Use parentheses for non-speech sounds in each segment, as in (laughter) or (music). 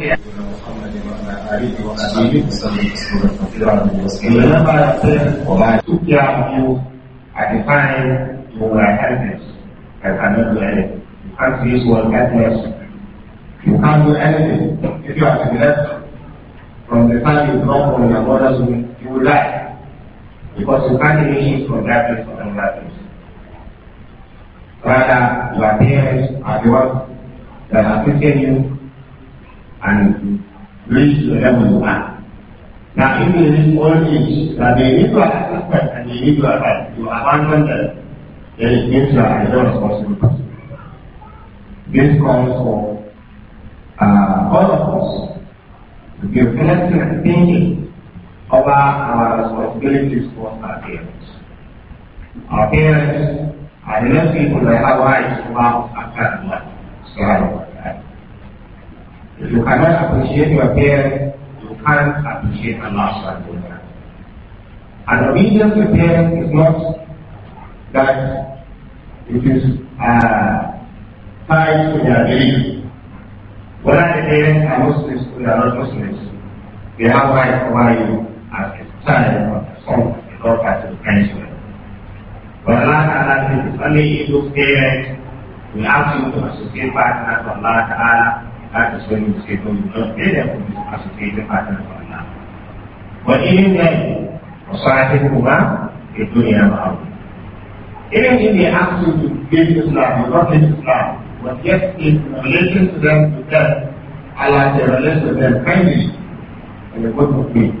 you do anything. can't helpless. You can't do anything. If you are to be left from the time you come from your mother's womb, you will die. Because you can't even from that place place. Rather, your parents are the ones that are teaching you and reach to heaven one. Now, even in this old age, that they need to accept and they need to abide, to abandon them, there is nature and no responsibility. This calls for uh, all of us to be reflective thinking about our responsibilities towards our parents. Our parents are the people that have rights to our parents. So, You cannot appreciate your parents, you can't appreciate Allah subhanahu wa ta'ala. And obedience to parents is not that it is uh, tied to their belief. Whether the parents are Muslims or they are not Muslims, they have right over you as a child or a son, a daughter to the But Allah Ta'ala says, only if those parents will ask you to associate partners Allah Ta'ala هذا سلم سيكون إلا يكون سيد هذا المعنى ne وصاحبهما في الدنيا معروف إذا إني أقصد بالإسلام وضبط الإسلام ويسأل relation to them to them على the relation to them kindly and the good of me.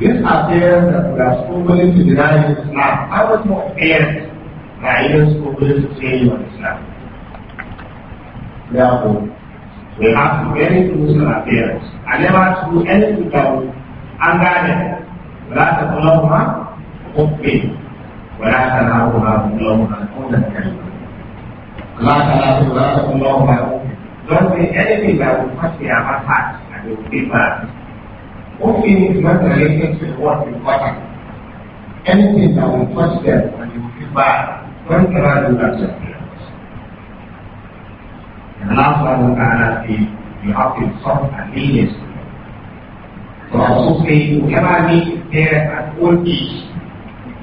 These are parents that were spoken to deny Islam. I was not parents that I was spoken to say you are Islam. Therefore, We have to do any solution of I never have to do anything that would anger them. We We the ولا تقلهما أف ولا تنهرهما قلهما قولا كريما. ولا تنهرهما قلهما أف. Don't say anything that would touch their heart and they will be mad. What we need is not related to what we got. Anything that will touch them and they will feel bad. Don't try to do that. kenapa muka nabi dihafid sorba ini soal sufi ujarani deretan kunci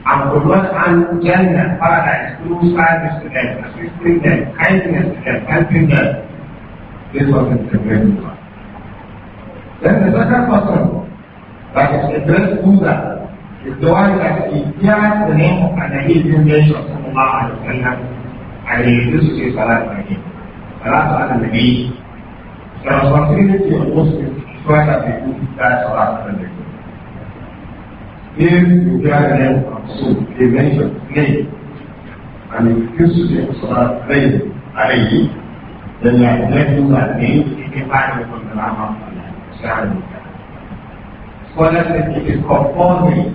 Al-Quran jannah pada istusan dan asistri dan kainnya dan kainnya itu akan terjadi dan sesakan pasal bagi sederhana juga berdoa dan ikhtiar menengok pada ilmu Indonesia semua dengan hari itu sesuai salat bagi kita salatu ala nabi the responsibility of Muslims is to that they do that salatu ala nabi. If you hear the mention and you refuse to say salatu then you are neglecting that name, you can find it from the Lama Sahara. Scholars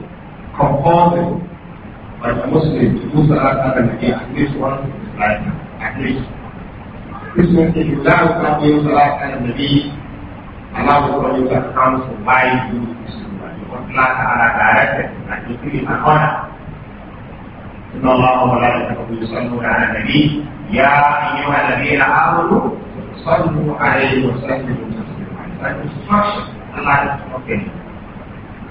Muslim to do salat ala nabi at least once Christmas Day, you learn something to like Allah will call you to account for why you do this. Allah Ta'ala directed and you feel an honor. إن الله وملائكته يصلون على النبي يا أيها Allah is okay.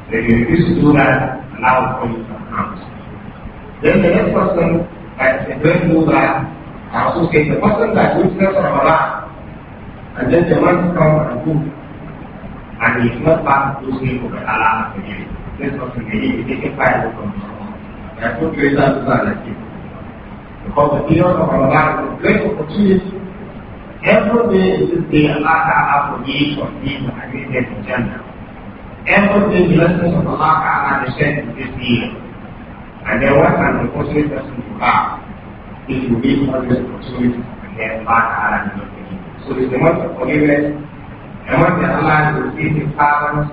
So if Allah will call Then the next person that said, Aku kita pasang tak juga sama Anda jangan kau aku. Ani semua pak usi berhala sendiri. Terus sendiri itu kita bukan. Aku kita besar lagi. Kau orang sama orang, kau kecil. Every day is the Allah Ta'ala creation in the Hadith of Jannah. Every day the lessons of Allah Ta'ala descend to this year. And there was an unfortunate person to God. if you give all the opportunity to get back and So it's the month of forgiveness, the month that Allah will see his servants,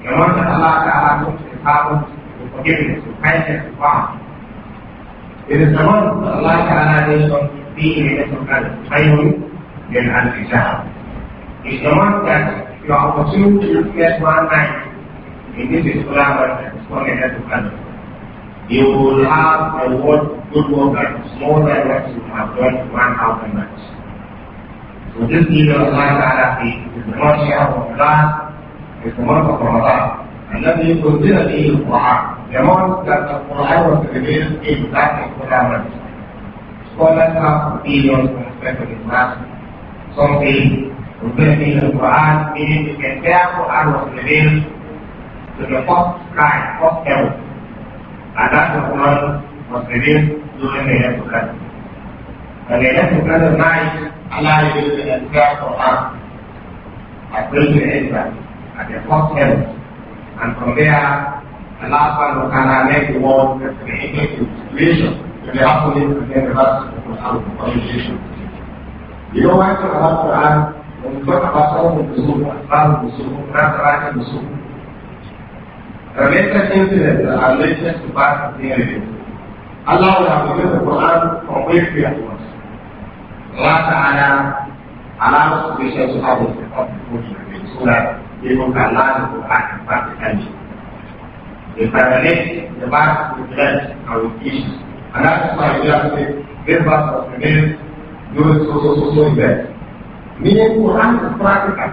the month that Allah Ta'ala talks to his servants, the forgiveness, the kindness, the warmth. It is the month that Allah Ta'ala mentions being in this the as then as we shall. It's the month that your opportunity to get one night in this Islam and it's to as Qadr you will have a work, good work that is more than what you have done one after night. So this means of Allah Ta'ala is the month of Allah, is the month of Ramadan. And then you consider the Quran, the month that the Quran was revealed is that particular month. Scholars have opinions with respect to this matter. Some say, considering the Quran, meaning the entire Quran was revealed to the first sky, first heaven. atas hukuman muslimin dole ne ya suka daga ya suka da mai ala yi da ya suka a prison area at the hotel and from there allow Allah can make the world a creative situation to be happening to the rest of the conversation. You know why to Allah Quran when we talk about all Related incidents are related to the narratives. Allah will have given the Quran from which we are what? Allah Ta'ala allows Christians to have the so that people can learn the Quran and They can the past with less and with And that is why we have to say, this verse was do during so so so so event. Meaning Quran is practical.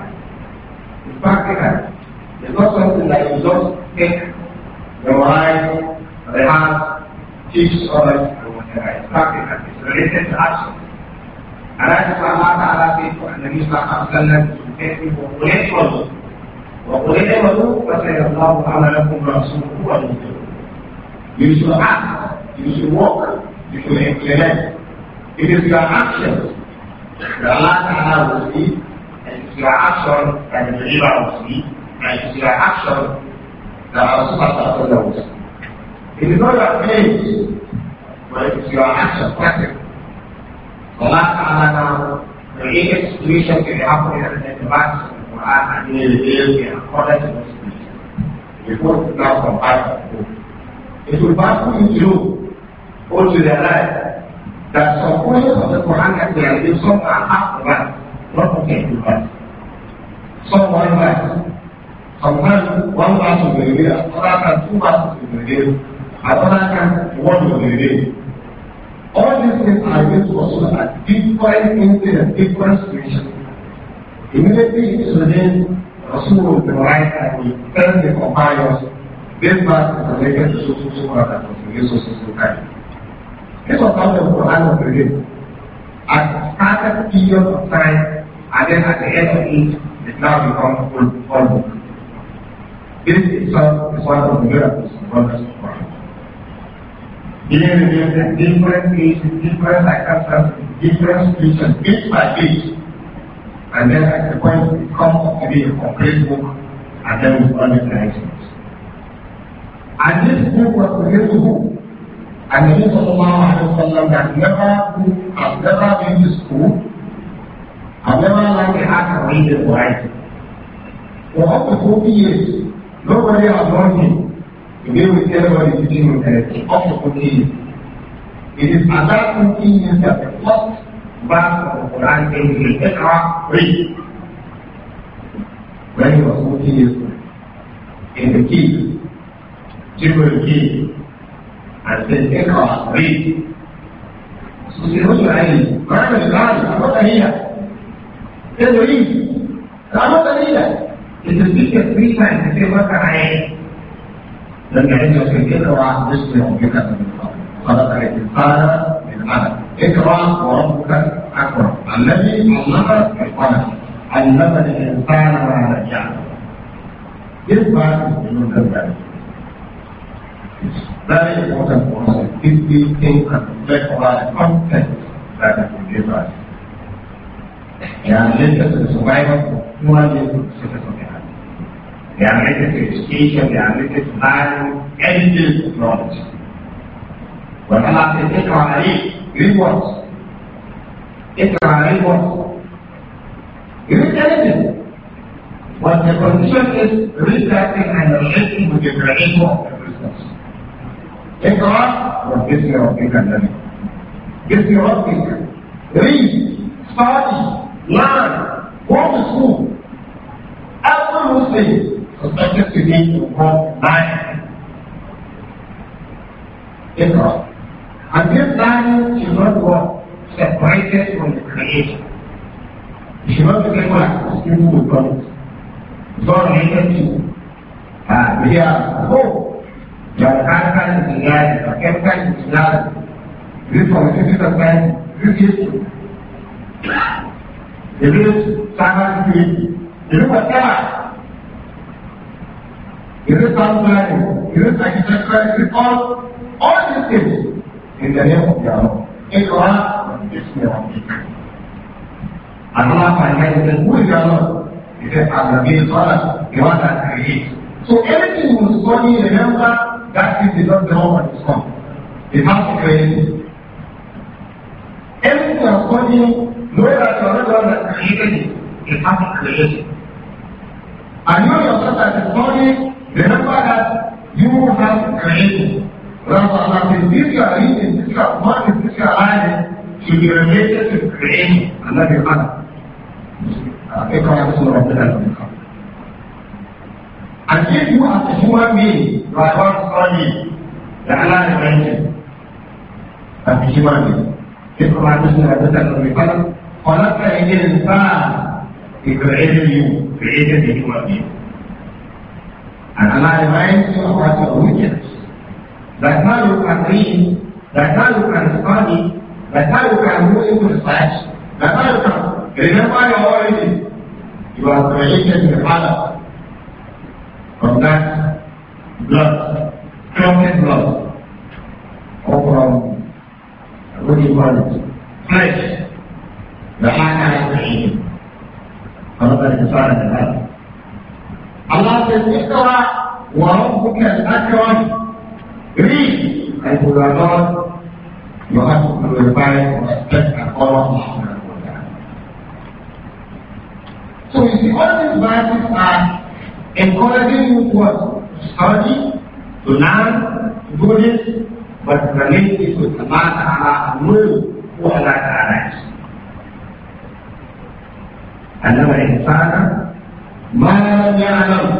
It's practical. It's not something that you just think, memorize, rehearse, teach others, practice, and it's related to action. And I just Allah Ta'ala said to the Nabi Sallallahu Alaihi Wasallam to get people to get trouble. وَقُلِ اعْمَلُوا فَسَيَرَى اللَّهُ عَمَلَكُمْ وَرَسُولُهُ وَالْمُؤْمِنُونَ You should act, you should walk, you should implement. It is your actions that Allah Ta'ala will see, and it is your action that the believer will see, and it is your action لا تسقط التلوث لذلك Sometimes one person will be there, other times two persons will be there, other times one of the day. All these things are used also at different incidents, different situations. Immediately it suggests Rasul will be right and will tell the companions, this verse is related to so so so that was released so so so time. This was how the Quran was released. At started period of time and then at the end of it, it now becomes full, full book. This is one, is one of the miracles of Prophet Muhammad. Being revealed at different ages, different circumstances, different situations, each by each. And then at the point it comes to be a complete book, and then we call it the And this book was relatable, and the Nabi Sallallahu Alaihi Wasallam that never, who has never been to school, has never learned the art of reading or writing. For up to 40 years, Nobody has him to be with anybody teaching him anything up to It is at that 40 years that the first verse of the Quran says, "He Iqra, read." When he was 40 years old, in the key, Jibril key, and said, Iqra, read. So he was like, "Man is lying, I'm not a leader." He said, "Read, I'm not a leader." इनके पीछे सेवा kita لأن dan باسم ربك kita الإنسان من علق اقرأ وربك أكرم الذي علم بالقلم علم الإنسان ما لم يعلم يبقى من ذلك That is important for us. If we think and reflect about the content that it will give us, and later to the survival of human they are related to education, they are related to value, everything is knowledge. When Allah says, take our hadith, it was, Take our You read anything. But the condition is read and relating with the creation of the business. Take our what gives you of the pandemic. Gives you of Read, study, learn, go to school. Every Muslim وتقدر تبين وقوم معايا اقرا And this value is not what separated from the creation. You should not think like people will come. It's not related to uh, we are hope that African is reality, that African is reality. This from 50%, this is true. It is Sabbath It is whatever. Is it planning? Is it architecture? Is it all? All these things in the name of Yahweh. It was this miracle. Allah finally said, Who is Yahweh? He said, Allah, the being Salah, the one that creates. So everything we study, remember, that thing is not the home of Islam. It has to create it. Everything we are studying, knowing that you are not the one that created it, it has to create it. And you yourself that is studying, لأن يوحى العلم رغم ما تنزيل عليه تنزيل ما تنزيل عليه سبحانه العلم الذي قال اقرأ سورة الأنبياء أكيد هو أسوأ من رأيوان الصلاة لعلان العلم أبجماني اقرأ سورة الأنبياء خلق الإنسان في العلم في العلم الإجوابي And Allah reminds you about your weakness. That now you can read, that's how you can study, that's how you can do even research, that now you can remember your origin. You are created in the Allah from that blood, clotted blood, or from, what do you call it, flesh. The Allah created. Allah is the Father of aláṣẹ ìkọ́ra wọ́n kúkẹ́ lákọ́ọ̀n rí ẹ̀bùrọ̀lọ́ yóò hàn kúkú lè báyìí ọ̀sẹ̀ àkọ́rọ̀ So you see, all these verses are encouraging you to study, to learn, to do this, but relate to with Allah Ta'ala and will who Allah Ta'ala is. أنما إنسانا ما يعلم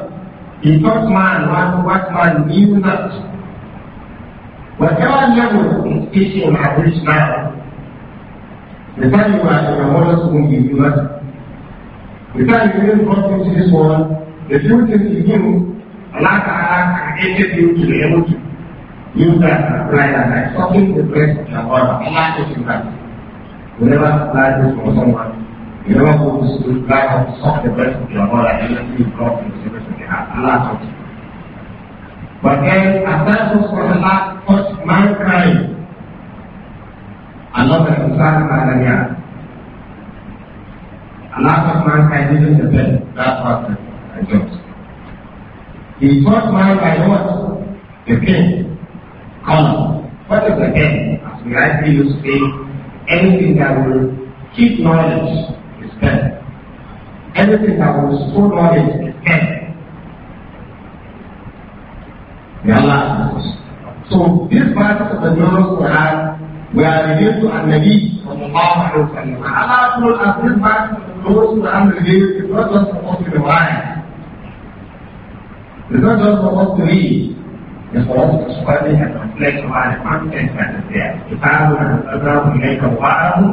He taught man what, what man knew not. وتعلموا teaching at this man. The time you are in a mother's womb, you do not. The time you didn't come into this world, the few things you knew, Allah Ta'ala created you to be able to use that and apply that, like something the best of Allah is Whenever apply this for someone, Your focus to try to suck the breath of your mother and you drop in everything you have. Allah taught you. But then, as that was for Allah, taught mankind. Allah the Insan Mahalaya. Allah taught mankind even the bed. That was the, the job. He taught mankind The pain. Color. What is the As we rightly use pain, anything that will keep knowledge spent. Everything that was full knowledge is s e n t May Allah bless s o this p a r t of the n u r u s Quran we are revealed to our Nabi Allah told us this p a r t of the n u r u s Quran revealed is not just for us to r e m o i z e It's not just for us to read. It's for us to study and reflect on the content that is there. The Bible a ت ا ب أنزلناه إليك م ب ا l d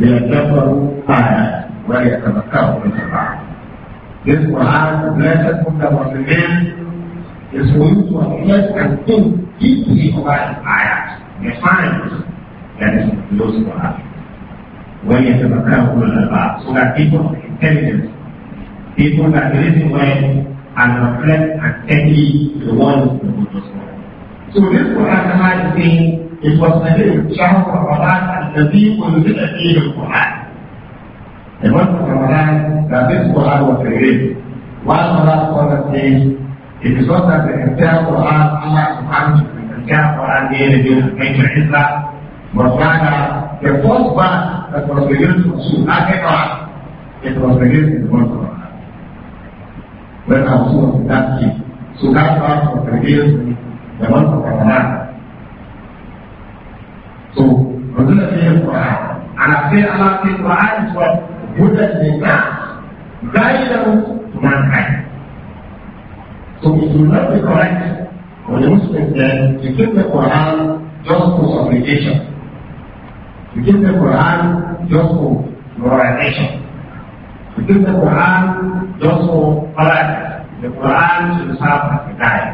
ليتدبروا آيات ويتذكروا من البعض. This Quran, the blessed book the was revealed, will for you to assess and think deeply about the ayat, the signs that is those Quran. When we have a will about, so that people of intelligence, people that listen well and reflect and take the ones that will just So this Quran is saying it was revealed, child of Allah تستفيق وتدفع فيه بالقرآن لمدة رمضان لا تذكر وتغيب والصلاة صلاة في صلت بإحتاج القرآن الله سبحانه وتعالى القرآن دين دين بين الحزة مرفانا تفوز بعد التوصيلات الرسول لا تقرأ التوصيلات المرفانا لأنها في التأكيد سكان بعض في لمدة رمضان So وهدى فيه القرآن على خير الله في القرآن هدى للناس بينهم mankind. So it will not be correct for the Muslims then to give the Quran just for supplication, to give the Quran just for glorification, to give the Quran just for politeness. The Quran should serve as a guide.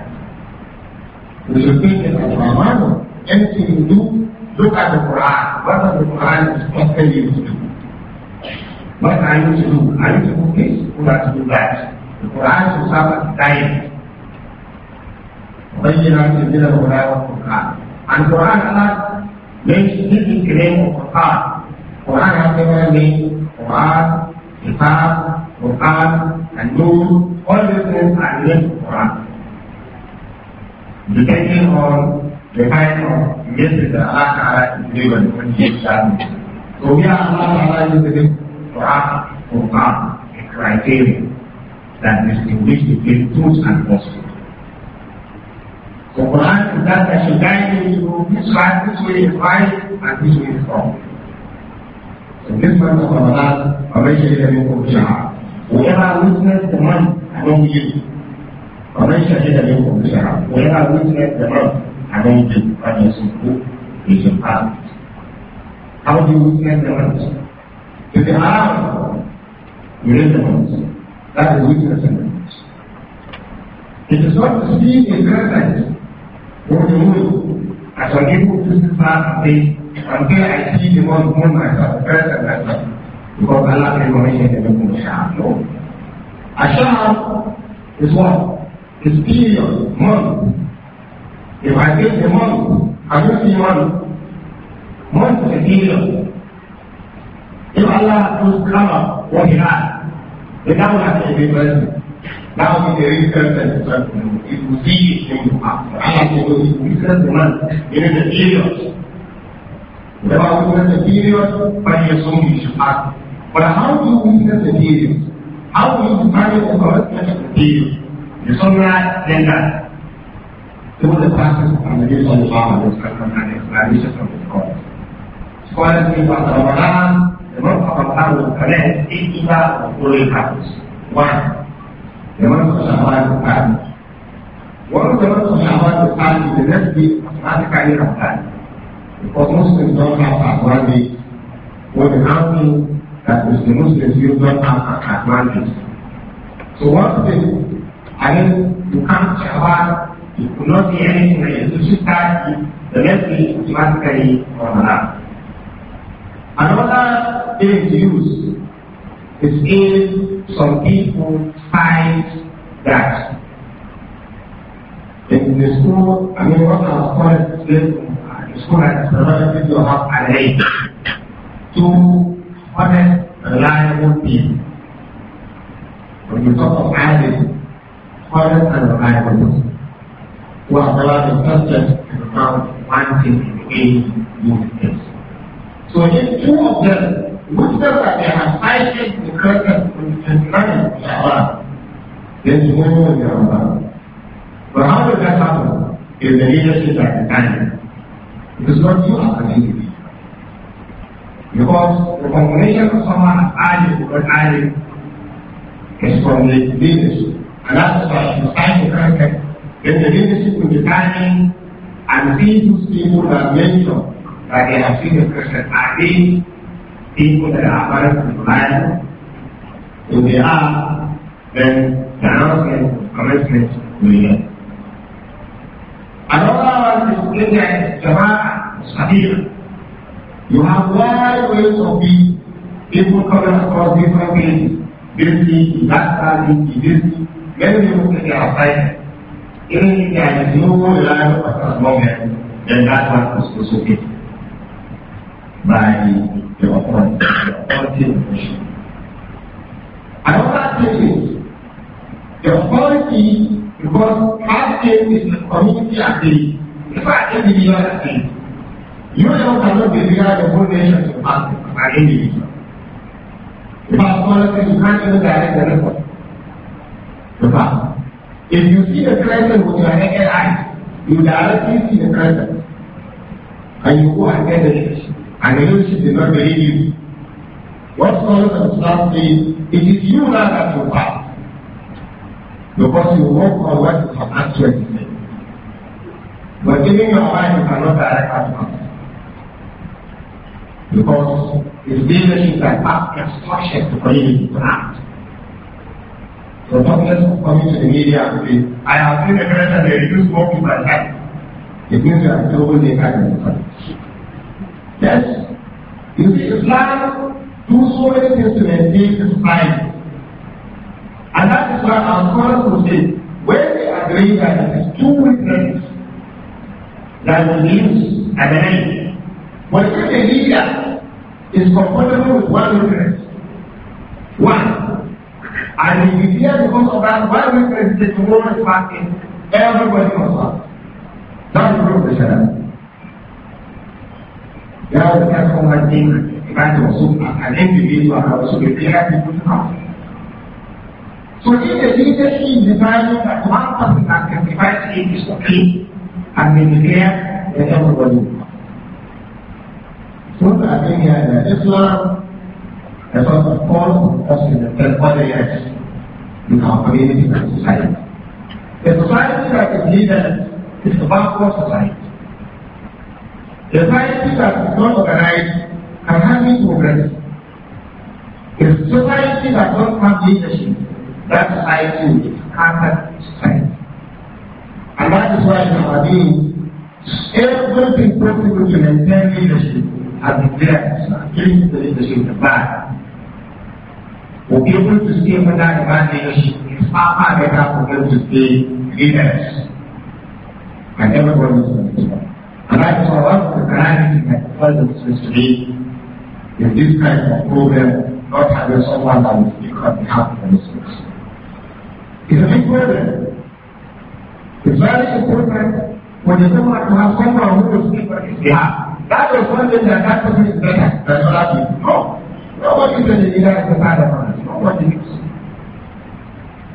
We should think that Al-Rahman, anything you do, Look at the Quran. What does the Quran expect you to do? What are you to do? Are you to do this? Or are you to do that? The Quran should have a guide. وبينات Kitab, All these things are named Quran. Depending on mekanin yadda da aka yi wani wani ya a criteria that distinguish between truth and falsehood so Quran is that guide you to this way is right and this way is wrong so this month of Ramadan Malaysia is a local Shah whoever the month arrange the Quran as a book is a How do we make the ones? To the arm, you the ones. That is witnessing the ones. It is not to see the present, you As I give you this part, say, until I see the one who myself, present myself, because Allah is going the make me sharp. No. Ashab is what? Is period, month. ìbàjẹ́ ṣe mọ́ọ̀lù àtúnṣe mọ́ọ̀lù mọ́ọ̀lù ṣe kílọ̀ ìwàlá tó kàwà wọ́n ní náà ìdáhùn àti ìgbẹ́gbẹ́sì láwọn kékeré kẹfẹ́ sọ̀tún ìbùsí ìsinmi àlàkòkò ìbùsí kẹfẹ́ náà ìrìn ṣe kílọ̀ ìjọba wọn ṣe ṣe kílọ̀ pẹ̀lú ìṣòwò ìṣùpá But how do we set the period? How do we manage the correct set of the period? The sunrise, then that. So the practice of Nabi Sallallahu Alaihi Wasallam and his narration from the scholars. Scholars give us Ramadan, the month of Ramadan will collect of holy habits. One, the month of Shawwal will pass. Once the month of Shawwal will pass, the next week automatically Ramadan. Because Muslims don't have advantage what is happening that is the Muslims use not have an So one this, I mean, you can't survive he could not see anything that Yusuf had. The left is automatically on Allah. Another thing to use is in some people find that in the school, I mean, what I was called the school at the people have allayed to honest, reliable people. When you talk of allayed, honest and reliable the وأضرار الفسد and in eight movements. So if two of them, Muslims that they have cited the curtains on 29 of Shawwal, then you won't know in But how did that happen? In the leadership are the time. not you are committed. Because the combination of someone adding or adding is from the leadership. And that's why you sign the contract In the leadership of defining and see those people that mentioned that they have seen the Christian are they people that are apparently reliable? If they are, then the announcement of commencement will end. Another one is that Jama'ah Sabir. You have wide ways of being. People coming across different things. Busy, lifestyle, busy, many people take their assignment. Even if he has no reliable personal moment, then that one is also given by the authority, the authority of the nation. because that is the community at the if I take the leader at the you know to be leader the whole nation to pass My individual. If I authority, you can't even direct the record. The past. If you see the crescent with your naked eye, you directly see the crescent. And you go and get the sheep. And the sheep did not believe you. What scholars and staff say, it is you now that you pass. Because you work on what you have actually said. But giving your mind, you cannot direct that path. Because it's leadership that pass instruction to community to act. The doctors coming to the media and say, I have seen a person they reduce smoking by It means you are global negative. Yes. You see, Islam do so many things to maintain this mind. And that is why our scholars will say, when they agree that it is two witnesses that will use and then the media is comfortable with one witness, one, and if you fear because of that, why we pray the tomorrow is fasting? Everybody must fast. That's the rule of the Sharia. You that thing, if I was an individual, I was to be to fast. So in the leader, is deciding that one person can divide it is okay, and we declare that everybody. So I think in Islam แล้วก็ก้อนของศิลปินก็ได้แยกอยู่ของประเทศที่เป็นสังคม The in our community and society the society that is needed is a backward society. The society that is not organized and having progress. The society that does not have leadership, that society will be scattered society. And that is why we are doing everything possible to maintain leadership and declare Islam, killing the leadership the bad. For people to stay under advantage is far, far better for them to be leaders. And everybody is going to And I saw a lot of the calamities that the us to be in this kind of problem, not having someone that will speak on behalf of the It's a big problem. It's very important when you come out to have someone who will speak on his behalf. That is one thing that that person is better than other people. No. Nobody said the leader is a bad man. Nobody is.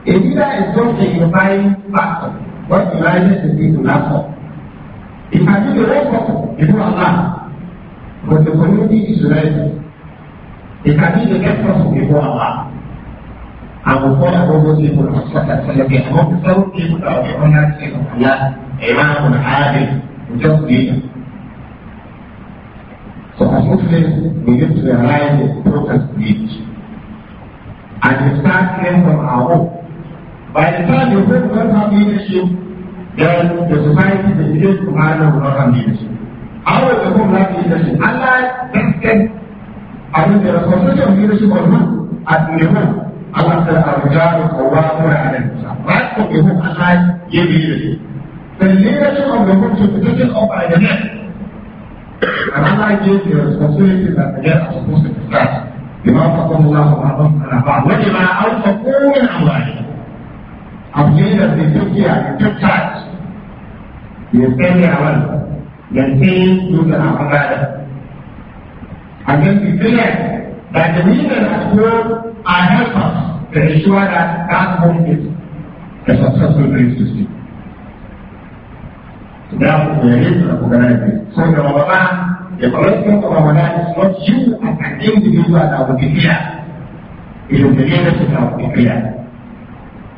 A leader is just a unifying factor. What unites the people that's all. It can be the right person, you know Allah. But the community is united. It can be the left person before Allah. And before all those people, Rasulullah sallallahu among the seven people that are the honored of Allah, Imam and Adil, just leader. So as Muslims, we need to realize the importance of And we start learning from our home. By the time the people don't have leadership, then the society, the village, the man will not have leadership. How will the home have leadership? Allah tested, I mean, the responsibility of leadership on who? At the home. Allah said, Al-Rijal Qawwamuna ala Nisa. Right from the home, Allah gave leadership. The leadership of the home should be taken up by the men. another gives you responsibility that the guests are supposed to possess. لما فضل الله بعضهم على بعض وبما أنفقوا من أموالهم. Abin da zai tafiya da tattaci ya sanya a wannan yankin dutsen a bangare. Abin da zai da the women at home are helpers to ensure that that home is a successful place to sleep. Now, there is an organization. So the Ramadan, the correctness of Ramadan is not you as an individual that will be clear. It is the leadership that will be clear.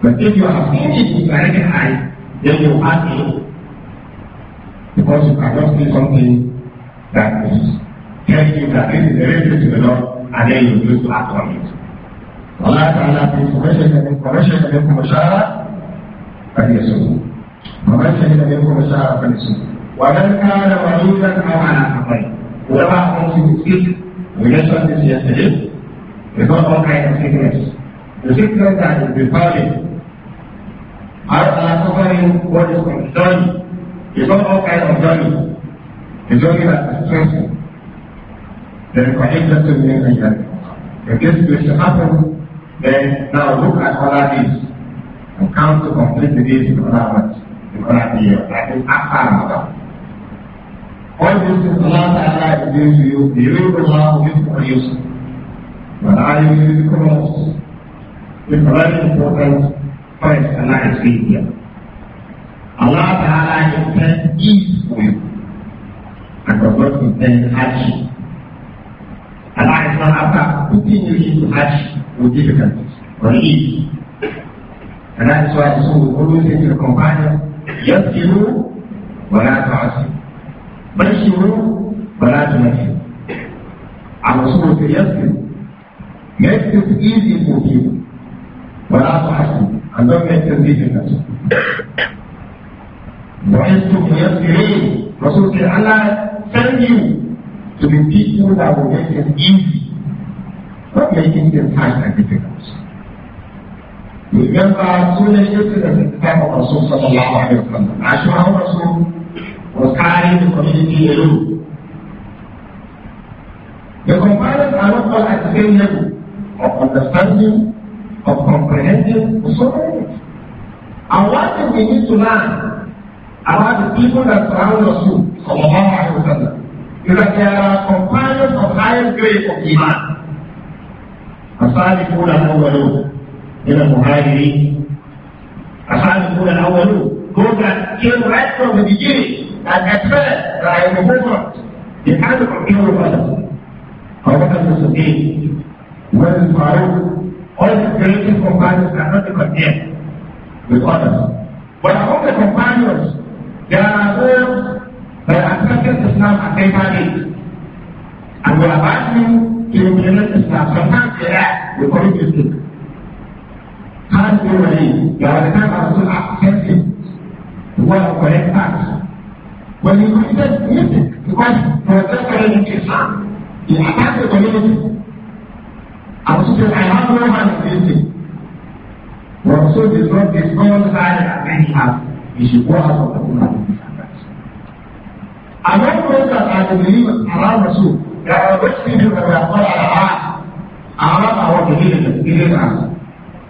But if you have finished with American eyes, then you have it. Because you cannot do something that is telling you that this is the reason to the Lord, and then you refuse to act on it. Allah Ta'ala brings correction and then correction and then commercial, but yes, so. فمن شهد منكم الشهر فليصم ومن كان مريضا او على سفر ولما أمس speak we just learned this yesterday we got all kinds of sickness the sickness that is befalling are are suffering what is called journey it's not all kinds of journey it's only that is stressful then connected if this situation happens then now look at all of these and come to complete the days of other economy of practice after All these things Allah Ta'ala is to you, the way Allah is for you. But are you using cross? It's very important point Allah is saying here. Allah Ta'ala intends ease for you and does not intend hardship. Allah is not after putting you into hardship or difficulties or ease. And that is why Rasul always said to the companions, يسروا ولا تعسروا بشروا ولا تمثلوا على صورة يسر make it easy for I ولا تعسروا and don't make them difficult بعثتم ميسرين رسول كان الله send you to the people that will make it easy not making it hard and difficult يبقى كل يسر كتاب الرسول صلى الله عليه وسلم عاش معه الرسول was carrying the community alone. The compilers are not all at the same level of understanding, of comprehending, so And one thing we need to learn about the people that surround us who, sallallahu alayhi wa sallam, is that there are compilers of higher grade of Iman. Asali Kuda Mubarak. من المهاجرين أصحاب يكون الأولون كنا كانوا right from the beginning at that first رأي المفرد يتعاملوا كانوا الفرد أو بكر الصديق وابن فاروق all the greatest companions cannot be compared with others. But among the companions, there are those that accepted Islam at later age and were about to implement Islam. Sometimes they act, handrail da tana so a kafin wani kwayan tax wani kwayan music because for that kind of Islam the attack the community I was saying I have no hand in this thing well so this not this all side that many have you should go out of the woman I don't know that I believe around the soup there are rich people that are called Arab Arab are what they need in the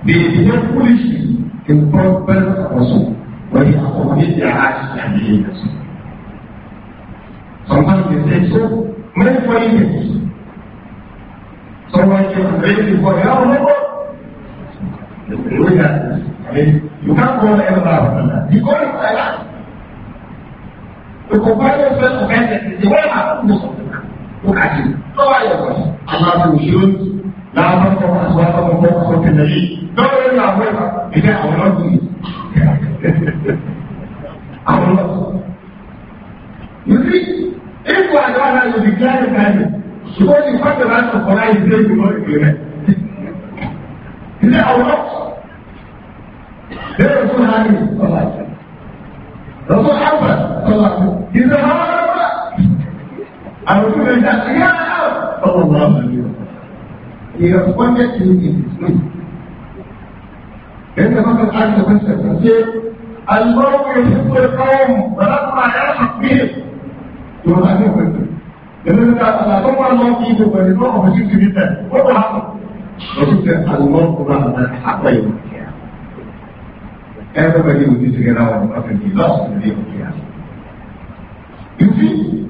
They behave foolishly in front of Rasul when they accommodate their actions and behaviors. Sometimes they say so many funny things. Someone can raise his voice, oh no, look at this. I mean, you can't go on ever after that. You go like that. The companions felt offended. They say, what happened to something? Look at you. How are you? Allah will shoot. لا ترفعوا أصواتكم فوق صوت النبي دور إلا أبوها إذا أولادي أولاد You see, if we are not allowed to declare the time, suppose you cut the right of Kola, you say you know it, you know. Is it Allah? They are so happy, Allah. Rasul Alba, Allah. He said, Allah, Allah. I was doing that, yeah, Allah. he responded to you in his way. لأن مثلا عاجل بنت الفرنسية المرء يحب القوم ولما يلحق بهم يقول أنا بنت لأن أنا طبعا المرء يجب أن يروح وجدت جدا وهو حق وجدت المرء مع من حق يوم القيامة هذا ما يوجد جنا والمرأة في لاصق يوم القيامة You see,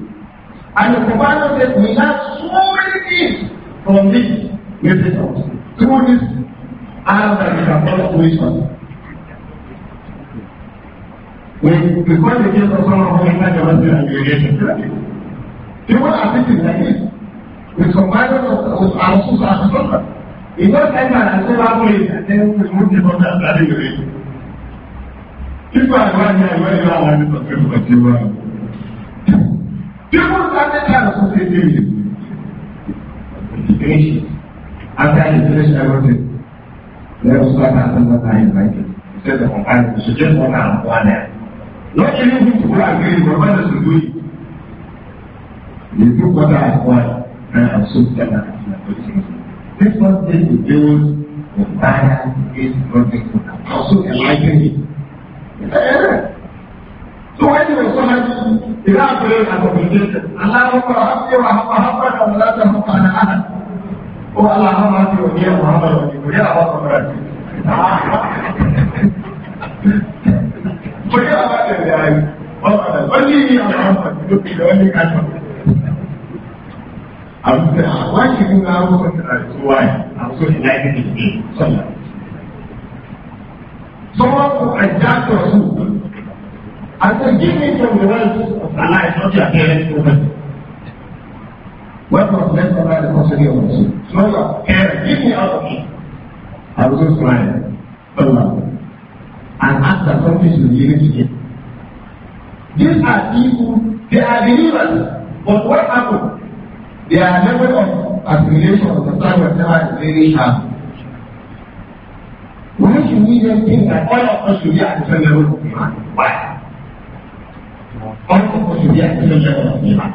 and the Bible says we have so many things from this repentance. Through this, I have that we can follow solution. When we find the case of someone who is not diversity and segregation, people are thinking like this. We combine with our source as a problem. If not enter and say, I'm going to remove the problem and start religion. People are going here, where you are, where you are, where you are. People started trying to associate with segregation. After he finished everything, there was not another time invited. He said the companion, so just one and one there. Not even people who agree, but others will do it. They do what I have won, and I'm so glad I have my blessings. This one thing to build the fire is one thing to come. Also enlighten it. So anyway, so much Iraq is a complicated. Allah will have you, Allah will have you, Allah will have you, Allah will have you ko Allah ma ma ti wani ya Muhammad wani ko ya ba ka mara ti ko ya ba da yayi wani ne a Muhammad duk da wani kasa abu da wajibin na abubuwan da na zuwa a so ina yi ne sallah someone who attacked Rasul and the from the wealth of Allah is not your parents' woman. Welcome, let's come out and No, So your parents, give me out of it. I was just crying. Allah. And ask that something should be given to him. These are people, they are believers. But what happened? They are level of assimilation of the time was never very sharp. Why should we then think that all of us should be at the same level of demand? Why? All of us should be at the same level of demand.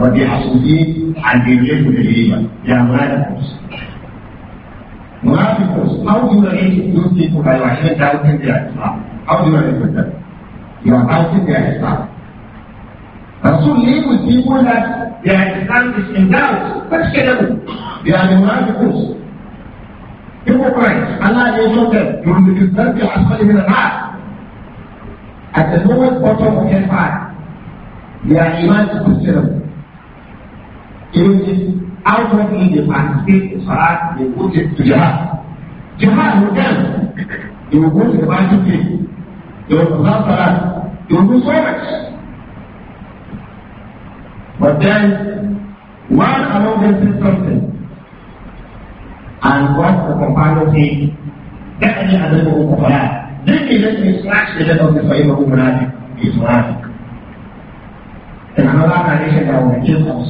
وبحصل فيه عن العلم تجريبا يا مراد الفرس مراد الفرس أرجو رئيس يوسف على وعشرين دعوة تنتهي أرجو رئيس الفرس يا مراد تنتهي إسلام رسول ليه ودي يقول لك يا إسلام مش إن داوت بس كده يا مراد الفرس يبقى كويس أنا اللي يشوفك يقول لك الزرق العسكري من lowest التزوج of وكيف عاد يعني ما تكون سلم يمكن أولا لتحقيق الصلاة لوجود الجهاد جهاد مكان يوجد الواجب فيه يوجد صلاة يوجد صومك والثالث one allow them to something and what the companion said دعني ذكي لم يصلحش لدبه فإنه منافق يصلحك إن أنا لا أعيش أو أجيب أو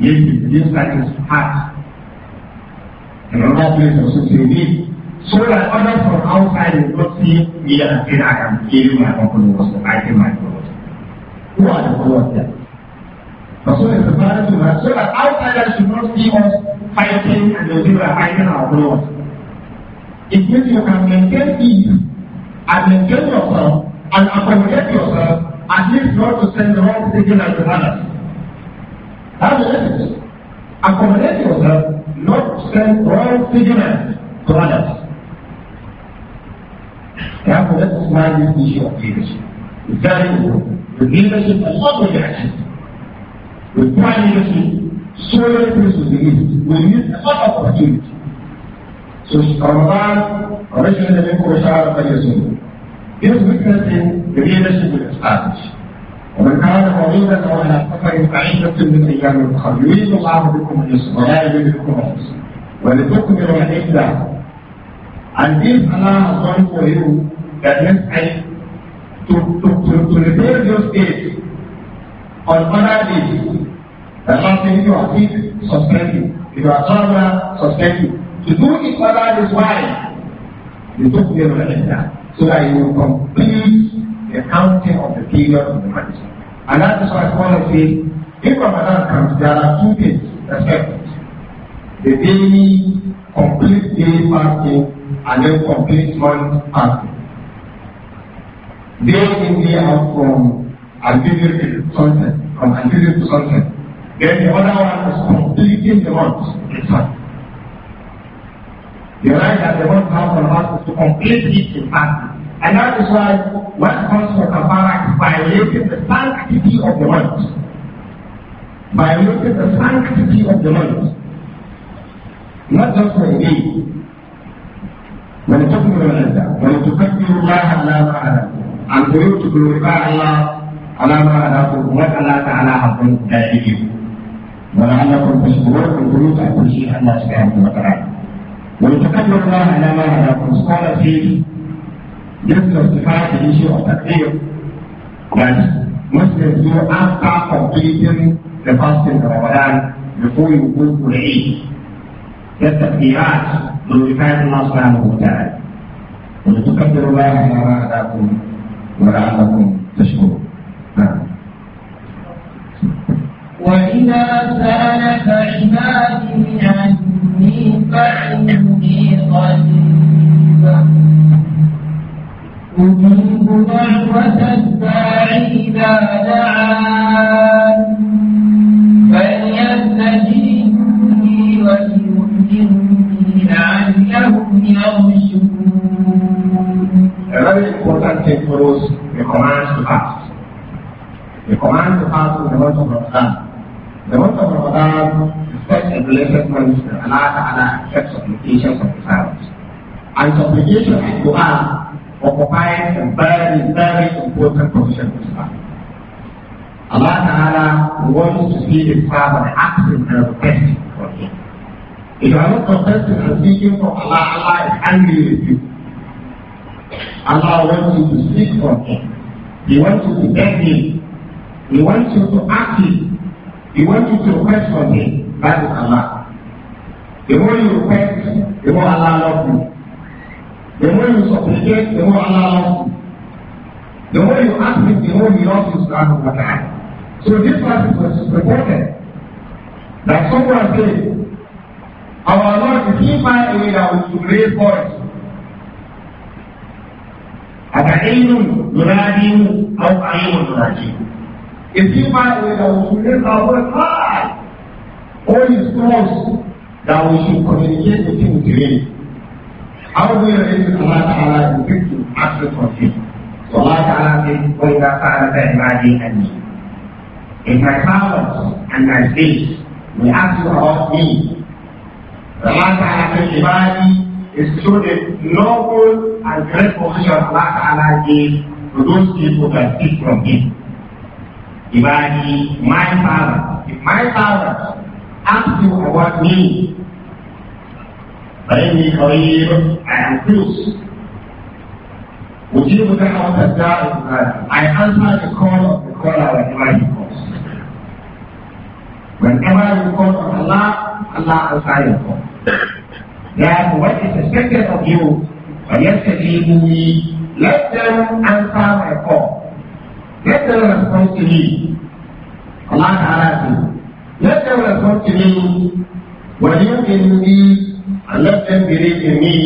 Yes, it looks like it's hard. And another place also say this, so that others from outside will not see me and say I am killing my company or supporting my product. Who are the followers there? Rasul is referring to that so that outsiders should not see us fighting and the people are fighting our followers. It means you can maintain peace and maintain yourself and accommodate yourself at least not to send the wrong signal to others. Have Accommodate yourself, not send wrong signals to others. Therefore, let's mind this issue of leadership. very important. With leadership along with action. We poor leadership, so many things will be missed. We use a lot of opportunity. So Ramadan, originally the Quran, this witnessing the leadership will establish. ومن كان مريضا او على سفر فعدة من ايام اخرى يريد الله بكم اليسر ولا يريد بكم العسر ولتكملوا العدة And this Allah has done for you that means I to to to, to repair your state on other days. That must mean you are sick, suspend you. If you are traveler, suspend you. To do it other is why you took the Ramadan so that you will complete the counting of the period of the Ramadan. And that is why Quran says, if Ramadan comes, there are two days expected. The daily, complete day fasting, and then complete month fasting. Day in, day out from Algeria to sunset, from Algeria to sunset. Then the other one is completing the month itself. The right that the month has on us is to complete it in fasting. And that is why when it comes to Kafara, violating the sanctity of the month. Violating the sanctity of the month. Not just for a day. ولتكمل العزة ولتكبروا الله على Allah هداكم and for you to glorify Allah Allah ما for what Allah تعالى has been to you ولعلكم تشكرون and for you to appreciate Allah سبحانه وتعالى ولتكبروا الله على ما هداكم scholars say this justifies the issue of takbir But Muslims do after completing the fasting of Ramadan before you go to the Eid. That the qiyat, glorify Allah subhanahu wa ta'ala. ولتكبروا الله على ما هداكم ولعلكم تشكرون. وإذا سألك عبادي عني فإني قريب يجيب A very important thing for us, the command to fast, The command to fast is the most of Ramadan. The most of Ramadan is such a blessed minister. Allah Ta'ala accepts supplications of the servants. And supplication and dua occupying a very, very important position in Islam. Allah Ta'ala wants to see his father acting and a for him. If you are not confessing and seeking for Allah, Allah is angry with you. Allah wants you to seek for him. He wants you to beg him. He wants you to ask him. He wants you to request for him. That is Allah. The more you request, the more Allah loves you. The more you supplicate, the more Allah loves you. The more you ask Him, the more He loves you, subhanahu wa ta'ala. So this verse was reported that someone say, Our Lord if He by the way that we should raise voice. أتعين ينادي أو أعين ينادي. Is He by the way that we should raise our voice high? All His thoughts that we should communicate with Him clearly. How do you relate to Allah Ta'ala in fifteen actions of sin? Allah Ta'ala says, وَإِذَا فَعَلَكَ عِبَادِي In my powers and my faith, we ask for about me. Allah Ta'ala says, عِبَادِي is through the noble and great position Allah Ta'ala gave to those people that seek from Him. Ibadi, my power. if my power. Ask you about me, فإني قريب I am close Would you وجيب دعوة الداعي I answer the call of the caller whenever he calls whenever you call on Allah Allah answers your call therefore what is expected of you Yesterday, we let them answer my call let them respond to me Allah Ta'ala let them respond to me you وليؤمنوا بي and let them believe in me,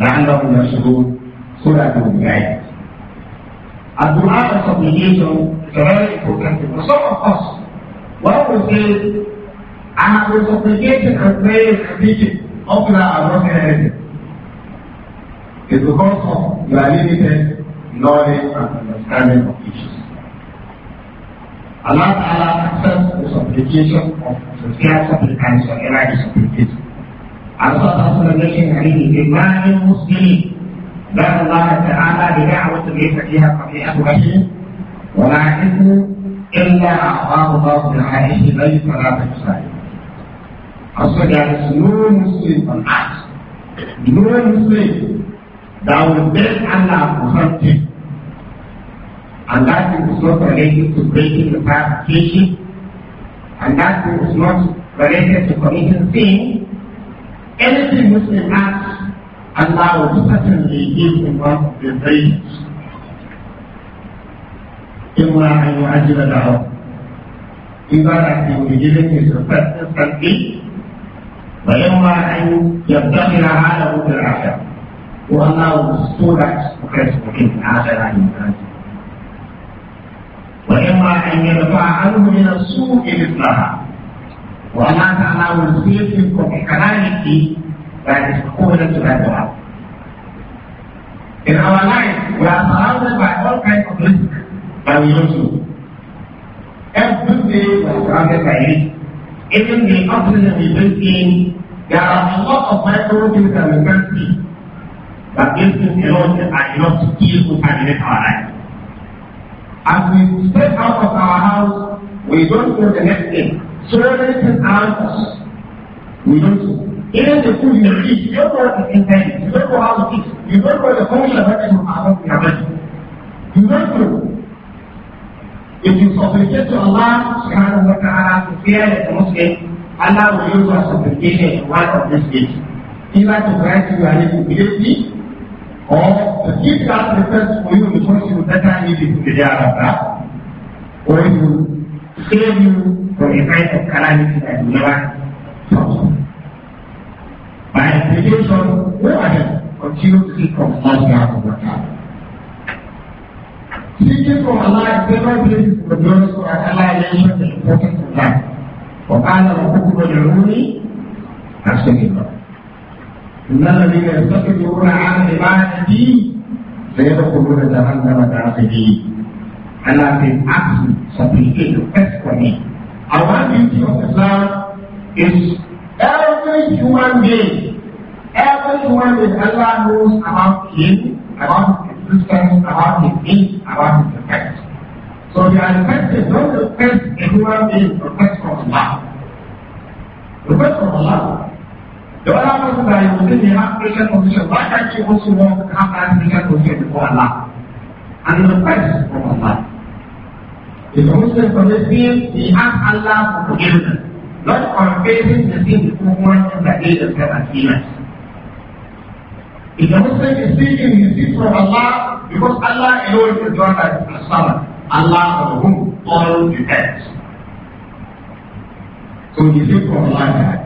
لعلهم يرشدون سورة المجاهد. الدعاء and supplication is very important for some of us. What we say, I have been supplicating and praying and teaching up to now I'm not saying anything. It's because of your limited knowledge and understanding of issues. Allah Ta'ala accepts the supplication of sincere supplicants whenever he supplicates. عرضه لجيش عليه إمام المسلمين دعا الله تعالى بدعوة ليس فيها قضية بشر ولا اسم إلا أعطاه الله بالعائش بل فلا تجسد أصل there is no Muslim on no Muslim that will beg Allah for something. And that is not related to breaking the past teaching, and that is not related to committing sin, anything which we ask, Allah will certainly give him what we pray. إِمَّا أَنْ يُعَجِّلَ لَهُ Either that he will be given his request instantly, وإما أن يبتغلها له في الآخرة والله سورة وكسب في الآخرة وإما أن يدفع وما تعالى will see him for carnality that is equivalent to that one. In our life, we are surrounded by all kinds of risk that we don't know. Every day we are surrounded by risk. Even the oxygen we breathe in, there are a lot of things that we can see. But these things alone are enough to kill contaminate our life. As we step out of our house, we don't know the next thing. So service and us, We do so. Even the food you eat, you don't know what is intended. You don't know how it is. You don't know the function of what you are you are You don't know. If you supplicate to Allah subhanahu wa ta'ala to fear the a Muslim, Allah will use your supplication to one of these ways. Either to grant you a little immediately or to give that request for you because you better need it to the day after, or you save you from the kind ko calamity that you never thought By application, go ahead, continue to ko from Allah subhanahu wa ta'ala. Seeking from Allah several places in the Holy Quran, Allah mentioned the importance of that. وقال ربكم ادعوني أستجب لكم. إن الذين يستكبرون عن عبادتي سيدخلون جهنم داخلين. and I've been asking, supplicating, ask for me. And one beauty of Islam is every human being, every human being, Allah knows about him, about his existence, about his needs, about his effects. So the requested, don't request a human being, request from Allah. Request from Allah. The other person that you within the application position, why can't you also want to have that application position before Allah? And request from Allah. The a Muslim commits sin, he asks Allah for forgiveness, not confessing the sin to someone in the age of Qiyamah. If the Muslim is seeking his sin from Allah, because Allah alone is the one that is As-Samad, Allah on whom all depends. So he seeks from Allah.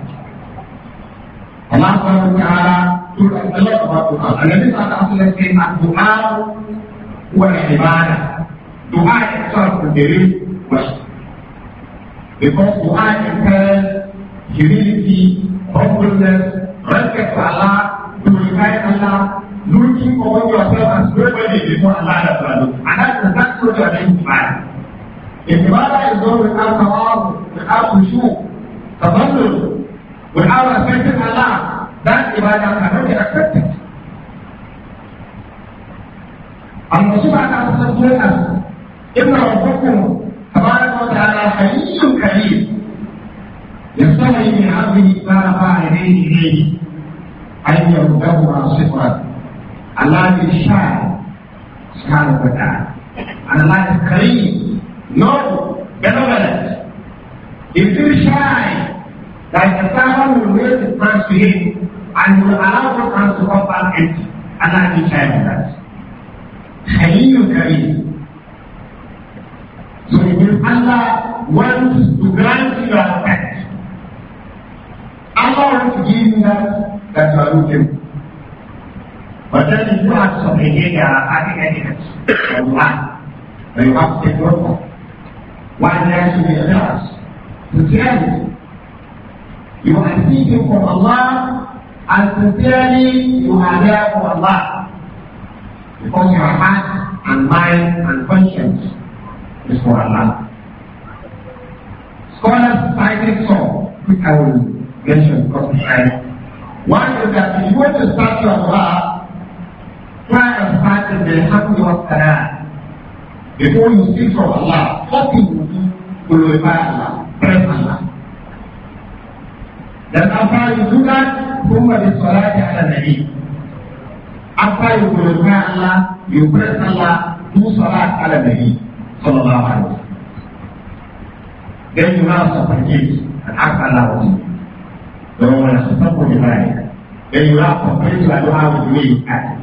Allah subhanahu wa ta'ala told us a lot about Quran. And this is what Allah says, Al-Quran huwa al-ibadah. to Dua the real question. Because to in entails humility, humbleness, respect for Allah, to glorifying Allah, looking over yourself as nobody before Allah does not And that's the exactly what you are doing tonight. If Ibadah is done without the law, without the shoe, the bundle, without respecting Allah, that Ibadah cannot be accepted. And Rasulullah sallallahu alaihi wasallam told us إن ربكم تبارك وتعالى حي كريم يستحي من عبده ما رفع يديه إليه أن يردهما صفرا الله يشاء سبحانه وتعالى Allah is Kareem, no benevolent. If you shy, like the Sahara will raise his hands to him and will allow the hands to come back empty. Allah is shy of that. Kareem, Kareem. So if Allah wants to grant you a pet. Allah wants to give you that that you are looking But then if you have some behavior adding evidence from Allah, then you have to take your for. Why there should be others? Sincerely. You are seeking from Allah and sincerely you are there for Allah. Because your heart and mind and conscience is for Allah. Scholars citing some, which I will mention because it's right. One is that if you want to start your Allah, try and start in the Hamdu of Before you speak from Allah, what you will do, glorify Allah, praise Allah. Then after you do that, ثم بالصلاة على النبي. After you glorify Allah, you praise Allah, do salat ala nabi sallallahu alaihi wasallam. Then you now supplicate and ask Allah to Then you are successful in life. Then you now complain to Allah with me at.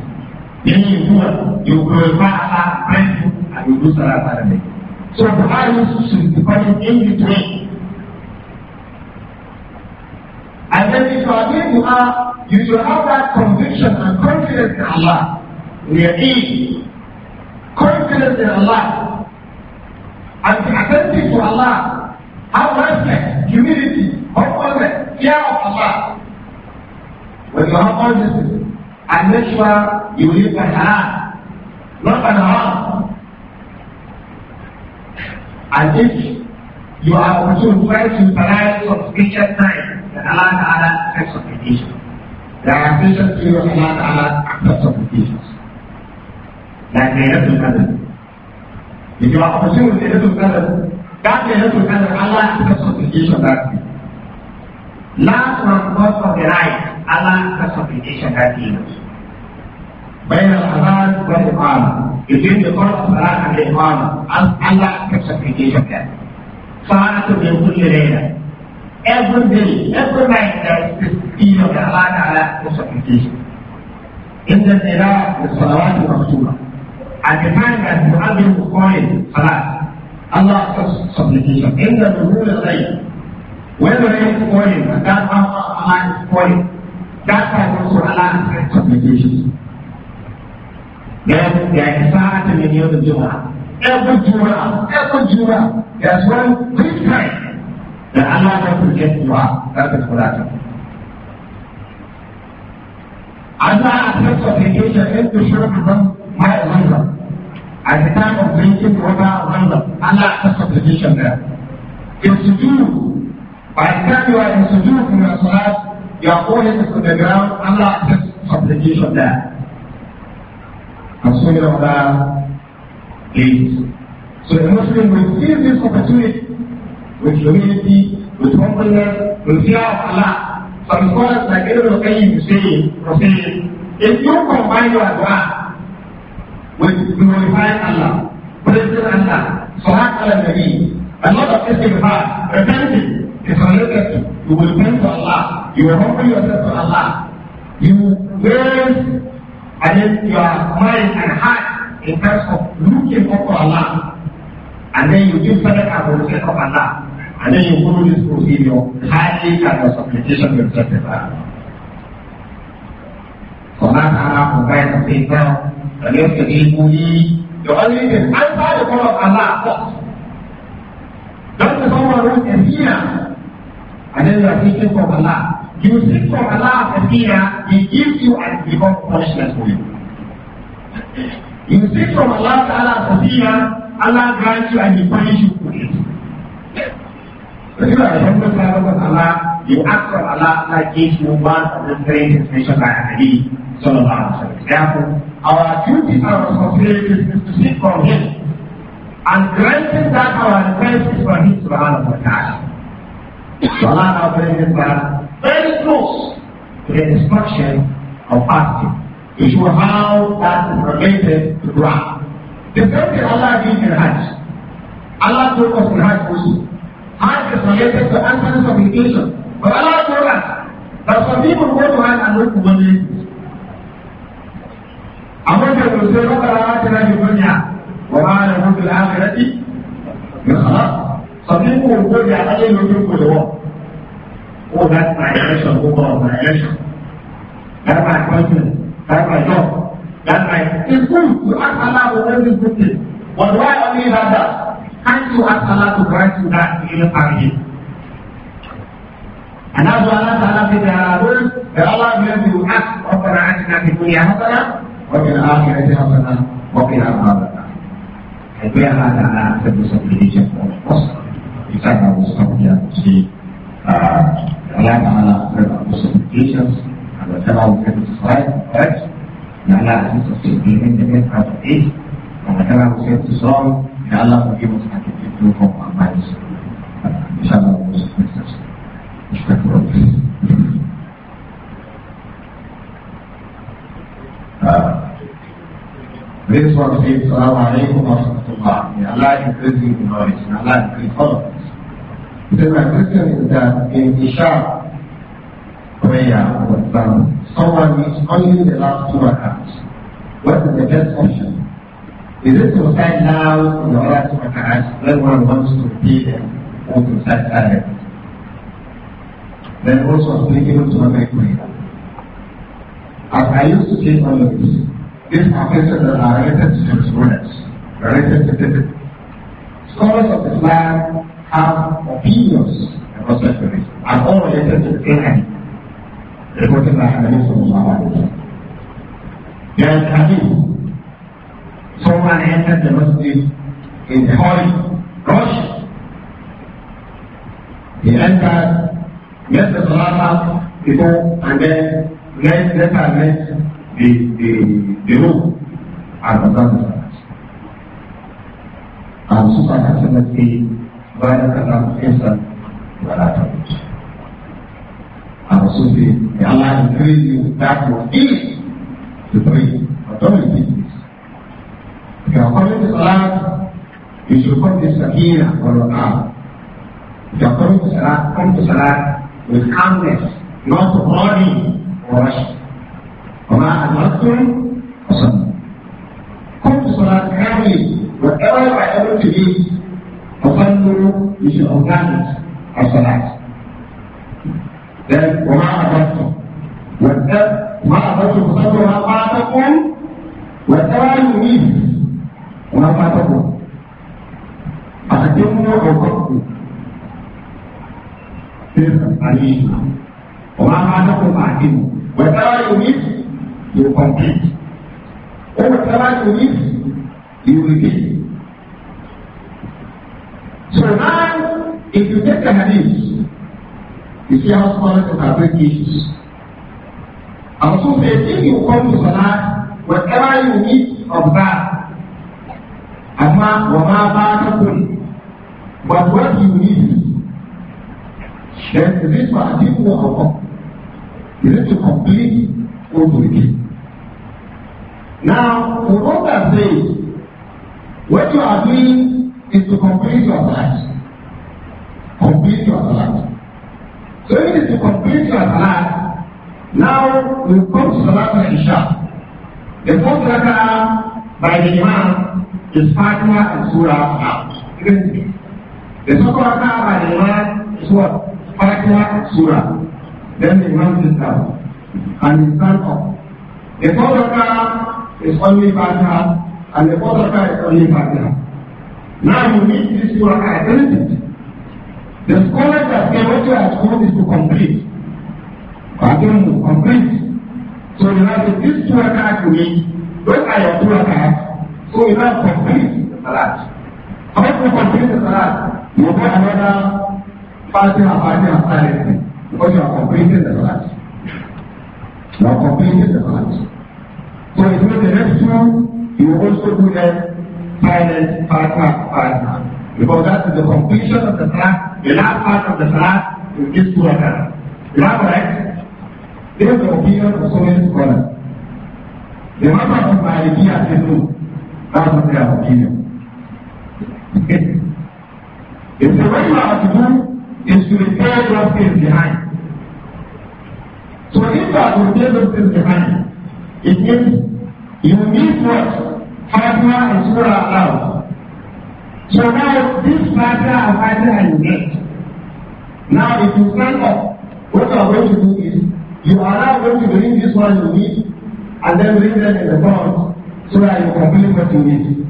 Then you do what? You glorify Allah, bless and you do salah So the values should be coming in between. And then if you are you are, you should have that conviction and confidence in Allah. We are in confidence in Allah. and attentive to Allah. Have respect, humility, humbleness, fear of Allah. When you have all this, and make sure you live by Allah, not by haram. And if you are also trying to utilize some special time that Allah Ta'ala accepts supplications. There are special periods Allah Ta'ala accepts supplications. Like the Rasul Qadr. ya ji ba Allah last one of the Allah الأذان والإقامة يجيب لكل صلاة الإقامة الله كسبكيشن كان صلاة من كل ليلة every day every night there is this of Allah تعالى كسبكيشن إن النداء للصلوات المقصورة At the time that Muhammad was calling Salah, Allah took supplication. In the rule of life, when the rain is falling, at that time Allah is falling, that time also Allah accepts supplications. Then there is Salat in the other Jum'ah. Every Jum'ah, every Jum'ah, there's one big time that Allah will forget Dua, that is Salat. Allah supplication my at the time of drinking water random. Allah accepts supplication there. In sujood, by the time you are in sujood in your salat, your forehead is to the ground, Allah accepts supplication there. And so you know that is. So a Muslim will seize this opportunity with humility, with humbleness, with fear of Allah. Some scholars like Ibn al-Qayyim say, if you combine your dua glorifying Allah, praise Allah, salat ala nabi, a lot of istighfar, repenting is related to you will turn to Allah, you will humble yourself to Allah, you raise and then your mind and heart in terms of looking up to Allah, and then you give sadaqah for the sake of Allah, and then you follow this procedure highly and your supplication will justify. So that's how I provide the now. and yastajibu li. You only thing, answer the call of Allah first. Don't be someone who is here and then you are seeking from Allah. You seek from Allah as here, He gives you and becomes punishment for you. You seek from Allah Ta'ala as here, Allah grants you and He punishes you for it. But you are the Allah the act of Allah like each one of the three is mentioned by Ali our Alaihi Therefore, our duty and responsibility is to seek from Him and granting that our request is for Him Subhanahu wa Ta'ala. So Allah now brings very close to the instruction of fasting, which will how that is related to Quran. The same thing Allah did in Hajj. Allah told us in Hajj also. Hajj is related to answers of religion. baba la tora dafa mi mun ko to hal anu ku wani amma da ko sai ka ra ta na dunya wa ma la hu fil akhirati ya khala sabi ko ko ya ale no ko ko ko that migration ko ko migration that my question that my job That's right. It's good to ask Allah for every good thing. But why only rather can't you ask Allah to grant you that in a family? Ana suara tanah di darul ya Allah yang diuhak operasi nabi dunia hatalah Wakil akhir aja hatalah ya? Wakil akhir ya? Itu yang ada anak sebesar diri yang berpos Kita tahu sepertinya si Allah ta'ala berlaku seperti Yesus Ada jalan ke sesuai Baik Yang ada di sisi ini Ini seperti Ada jalan ke sesuai Ya Allah bagi masyarakat itu Kau amal Bisa berlaku seperti Yesus This one says, Salaam alaikum wa rahmatullah. May Allah increase you in knowledge. May Allah increase all of us. So my question is that in Isha prayer, for example, someone needs only the last two accounts. What is the best option? Is it to recite now in the last two accounts when one wants to pay them or to recite silently? then also applicable to American Mahila. As I used to keep all of this, these are that are related to jurisprudence, related to Scholars of Islam have opinions about such things, and all related to the same hadith, reported by Hadith of Allah. There is hadith. Someone entered the mosque in a hurry, He entered Yang terlama itu ada naik kereta di di di rumah atau di Kalau susah seperti banyak karena kesan berada. Kalau sufi, ya Allah beri you that you eat to bring authority. Jika itu salat, you kalau ah. Jika kau itu salat, kau with calmness, not running or rushing. وما أدركتم فصلوا. Come to Salah whatever I are able to do, فصلوا you should observe it as Salah. Then وما أدركتم whatever ما أدركتم فصلوا وما فاتكم whatever you need وما فاتكم. أتتموا أو تقضوا عليهما وما فاتكم أعلموا وترى يريد يقدم وترى يريد يريد So now, if you take the hadith, you see how scholars have great issues. And so say, if you come to Salah, whatever you need, observe. Amma, wa ma ba ta kun. But what you need then the one I didn't know how is it to complete obligation. Now, the Quran says, what you are doing is to complete your life. Complete your life. So it is to complete your life. Now, we come to Salat al-Isha. The fourth rakah by the Imam is Fatiha and Surah al The second rakah by the Imam is what? Fatiha Surah. Then the Imam sits and he stands up. The fourth rakah is only Fatiha and the fourth rakah is only Fatiha. Now you need this surah identity. The scholars that came into our school is to complete. Again, to complete. So you have to this two rakah to me. What are your two rakah? So you have to complete the salat. How do you complete the salat? You go another Fatiha, Fatiha, silently. But you have completed the salat. You have completed the salat. So if you do the next two, you also do the silent, Fatiha, Fatiha. Because that is the completion of the salat. The last part of the salat is this two rakah. Is that correct? This is the opinion of so many scholars. The matter of my Malikiya is no. That's not their opinion. (laughs) It's the way you are to do is to repair those things behind. So if I repair those things behind, it means you need what Fatima and Surah allowed. So now this Fatima and Fatima you get. Now if you stand up, what you are going to do is you are now going to bring this one you need and then bring them in the front so that you complete what you need.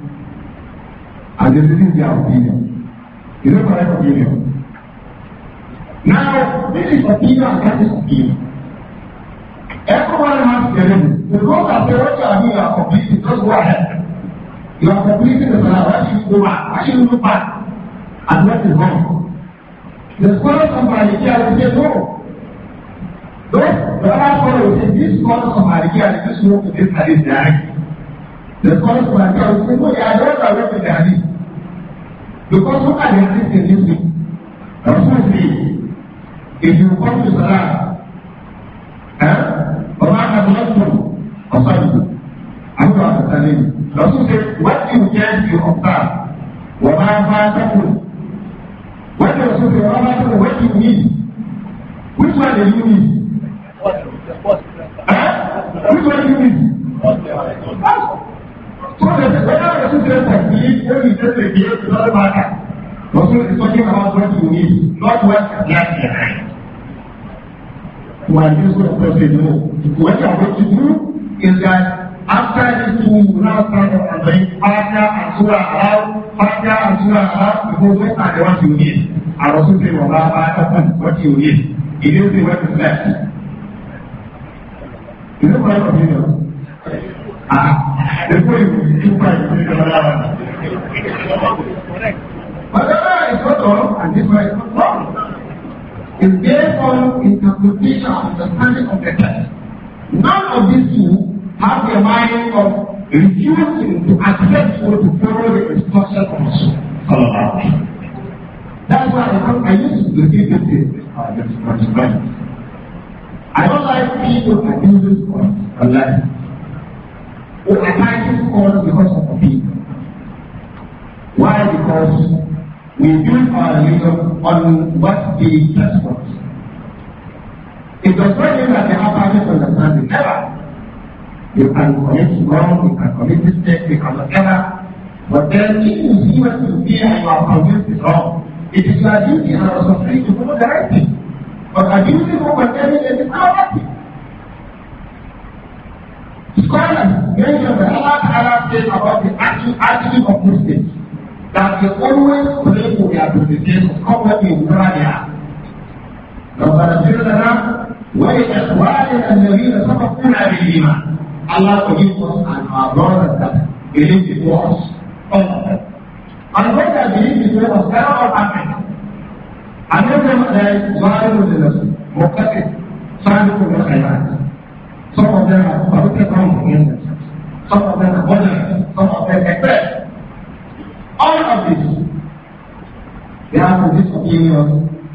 And this is their opinion. Is it correct opinion? Now, this is a thing I'm trying to give. Everyone has their limit. The rules are there, what you are doing, you are completing, just go ahead. You are completing the salah, why should you go back? Why should you look back? And what is wrong? The scholars of here will say no. Those, the other scholars will say, this scholars of Malikia, they just move to this hadith directly. The scholars of here will say, no, they are not that went to the hadith. Because look at the hadith in this week. That's what we see if you come to Salah, eh, Ramadan Muslim, Asayyidu, I'm not understanding. Rasul said, what you get, you observe. Wama fatakun. What the Rasul said, Ramadan, what you need? Which one do you need? Huh? Which one do you need? So they said, whether Rasul said that belief, when we just say belief, it doesn't matter. Rasul is talking about what you need, not what who using the prophet no. What you are going to do is that after these two will now stand up and bring Father and Surah around, Father and Surah around, because those are the ones you need. I also say, well, Baba, what you need. It is the word is left. you know what I mean? Ah, before you do quiet, you can allow But that is not all, and this one is not wrong is based on interpretation and understanding of the text. None of these two have the mind of refusing to accept or to follow the instruction of Rasul. That's why I, I used to repeat this in uh, this conference. I don't like people who abuse this point unless who attack this point because of opinion. Why? Because we build our religion on what they teach us. It does not mean that they have perfect understanding. Never. You can commit wrong, you can commit mistake, you can whatever. But then if you see what you fear and you are convinced is wrong, it is your duty and responsibility to follow the right thing. But abusing or condemning it is not right thing. Scholars mention that Allah Ta'ala says about the action, action of Muslims. that you always pray for their publication, cover in prayer. ربنا اغفر لنا ولإخواننا الذين سبقونا بالإيمان. Allah forgives us and our brothers that believe before us. Oh. And when they believe before us, they are all happy. And then there is ظاهر للرسول مقتل صادق للخيرات. Some of them are political wrong Some of them are violent. Some of them are bad. All of this, we have to discontinue.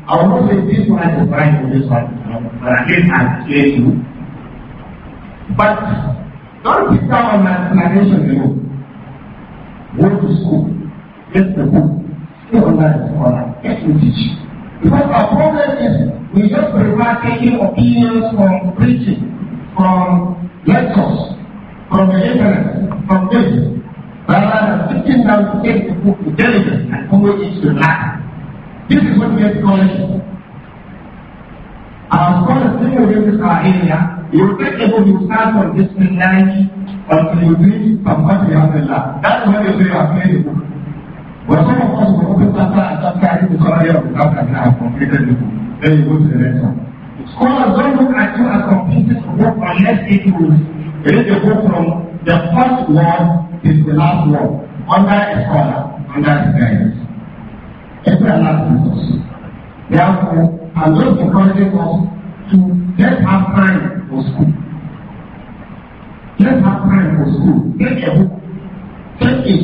I will not say this one is right or this one is wrong, but at least I clear you. But don't sit down on my explanation, you know. Go to school, get the book, stay on that scholar, get to teach. Because our problem is we just prefer taking opinions from preaching, from lectures, from the internet, from this. Rather, sitting down to take the book with diligence and commit to life. This is what we are scholarship. Our scholars living within this our area, you will able to start from this mentality until you reach from what you have in That's where you say you have made book. But some of us will open chapter and chapter and the and have completed the book. Then you go to the next one. Scholars don't look at you as completed work unless it was. read the book from the first one is the last word under his father, under his guidance. Every Allah Jesus. Therefore, I'm just encouraging us to just have time for school. Just have time for school. Take a book. Take it.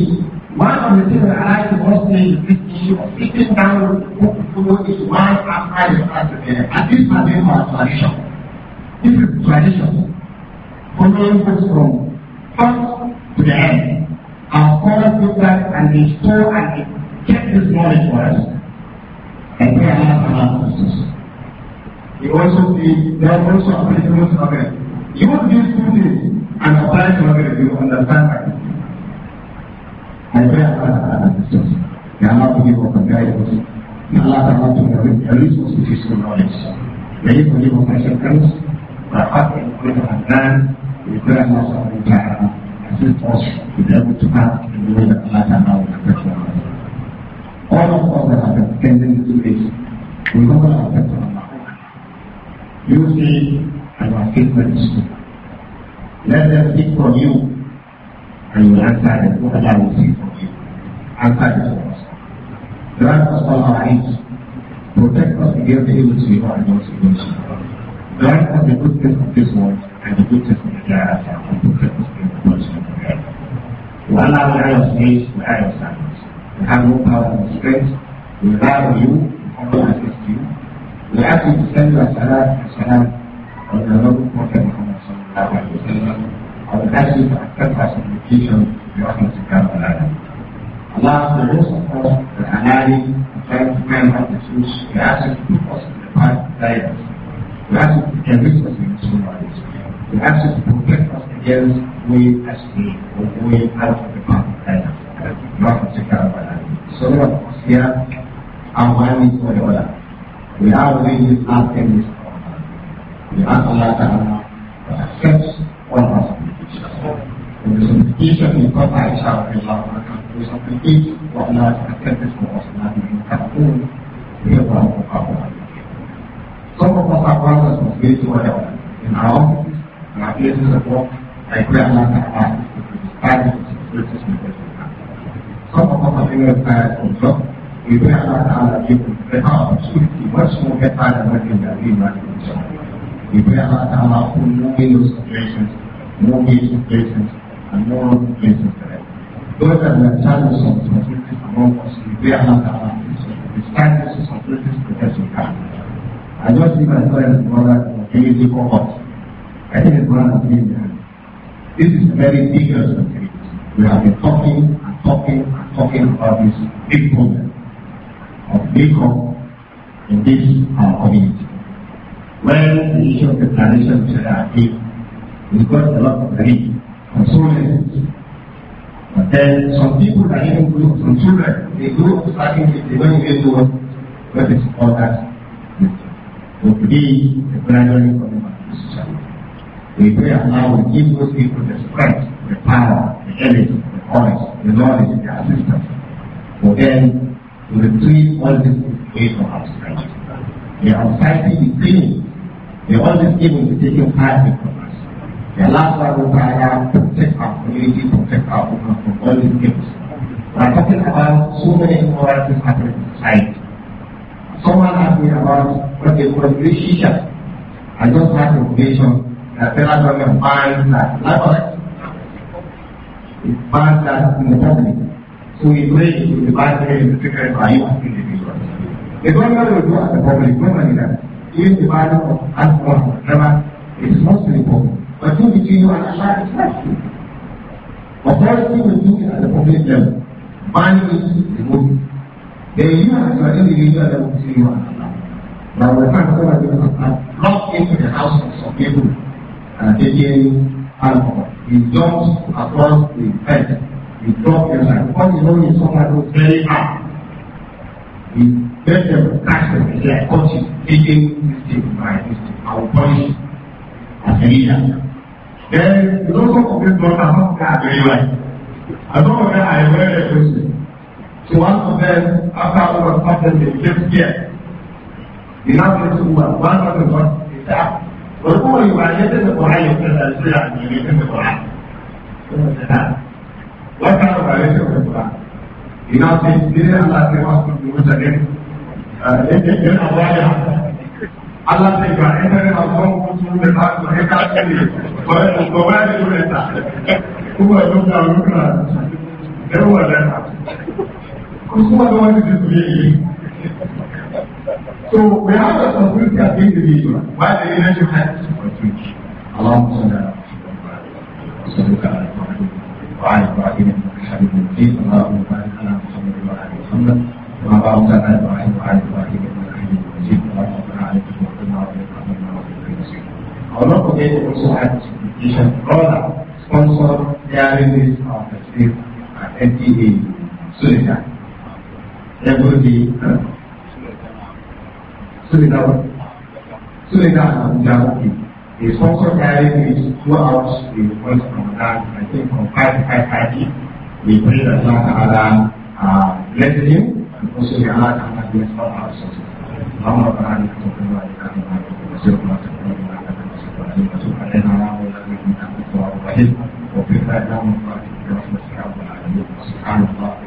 One of the things that I like to most say is this issue of sitting down with book follow is one after the other. At this I think our tradition. This is tradition. Following books from first them. Our scholars looked at and they saw and they kept this knowledge for us. And they are not our They also see, they are also applicable to others. Use these two things and apply to if you understand that. And they are not our sisters. They are not looking for guidance. Allah cannot do the resource of physical knowledge. May you forgive my shortcomings, my heart and mind, and the prayer แล้วทุกท่านรู้มาจากเราเป็นคน all of us that have attended to this we know that our people you see our statements let them speak for you and you answer them what Allah will speak for you answer them for us grant us all our needs protect us against the evils we know and not evils grant us the good taste of this world and the good taste of the hereafter and protect allow the arrow to meet the arrow signals. We have no power and strength. We rely on you. We cannot assist you. We ask you to send your salat and salam on the noble Prophet Muhammad sallallahu alayhi wa sallam. And we ask you to accept our supplication in order to come alive. Allah is the most of us, the Hanani, the trying to find out the truth. We ask you to put us in the path of guidance. We ask you to enrich us in the soul of The have to protect us against we as we going out of the path and not to take care of So many of us here are is or the other. We are doing this last this We ask Allah to accept all of us. And the simplification is not I shall be allowed to come something each what Allah has accepted for us and we have own the power of our Some of us are brothers of faith or in our offices now here's the book, I We have opportunity much more better than what they We quite like our people moving those our people, we have. I don't see myself as more I think it's one of the things. This is a very big responsibility. We have been talking and talking and talking about this big problem of makeup in this our uh, community. When the issue of the should have been, we got a lot of grief from soldiers. But then some people that even going from children, they grew. up starting with the very way to work, but it's all that. So today, the gradually coming back to society. We pray that Allah will give those people the strength, the power, the energy, the courage, the knowledge, the assistance for them to retrieve all these away from outside. They are fighting the clean. They are always able to take your part in from us. The last one will try protect our community, protect our people from all these things. We are talking about so many immoralities happening in society. Someone asked me about what they call the relationship. I just had information that several government banned that. Not correct. It bans that in the public. So it may be banned here take care of our individuals. The government will do the public, normally that even the value of alcohol, drama, is mostly public. But in between you and Allah is not true. will do at the public level. Banning it is good. Then you as an individual level between you and Allah. Now the fact that we are locked into the houses of people taking alcohol. You jump across the fence. You drop your life. What you know is someone who's very hard. You let them catch them and say, I caught you taking mistake by mistake. I will punish you as a leader. Then you know some of this matter, how can I very well? I don't know that I am very interested. So one of them, after all was happened, they became scared. The last person who was one of them was, is ah, وهو يعلمك القرآن يقرأ الأسئلة عن يمينك القرآن وكانوا ina ne ne ka ba ne da da kuma So we have a responsibility as individuals. Why the energy has to contribute? اللهم صل على وسلمك على محمد وعلى ابراهيم انك حميد مجيد اللهم بارك على محمد وعلى محمد وما باركت على ابراهيم وعلى ابراهيم انك حميد مجيد اللهم ربنا عليك توكلنا وعليك امرنا وعليك نصير. I will not forget also had you have brought sponsor diaries of the faith at NTA Sudan. Every day, Suriname, Suriname and Ghana t h sponsor marriages t h o u h o u t the o n t h f Ramadan. I think from 5 to 5.30, we pray that Allah Ta'ala uh, b l e s s him and also m a Allah Ta'ala bless all our s o u r c e s و ف ي ك ك ا ا ل منا م ي ن و ل سبحان الله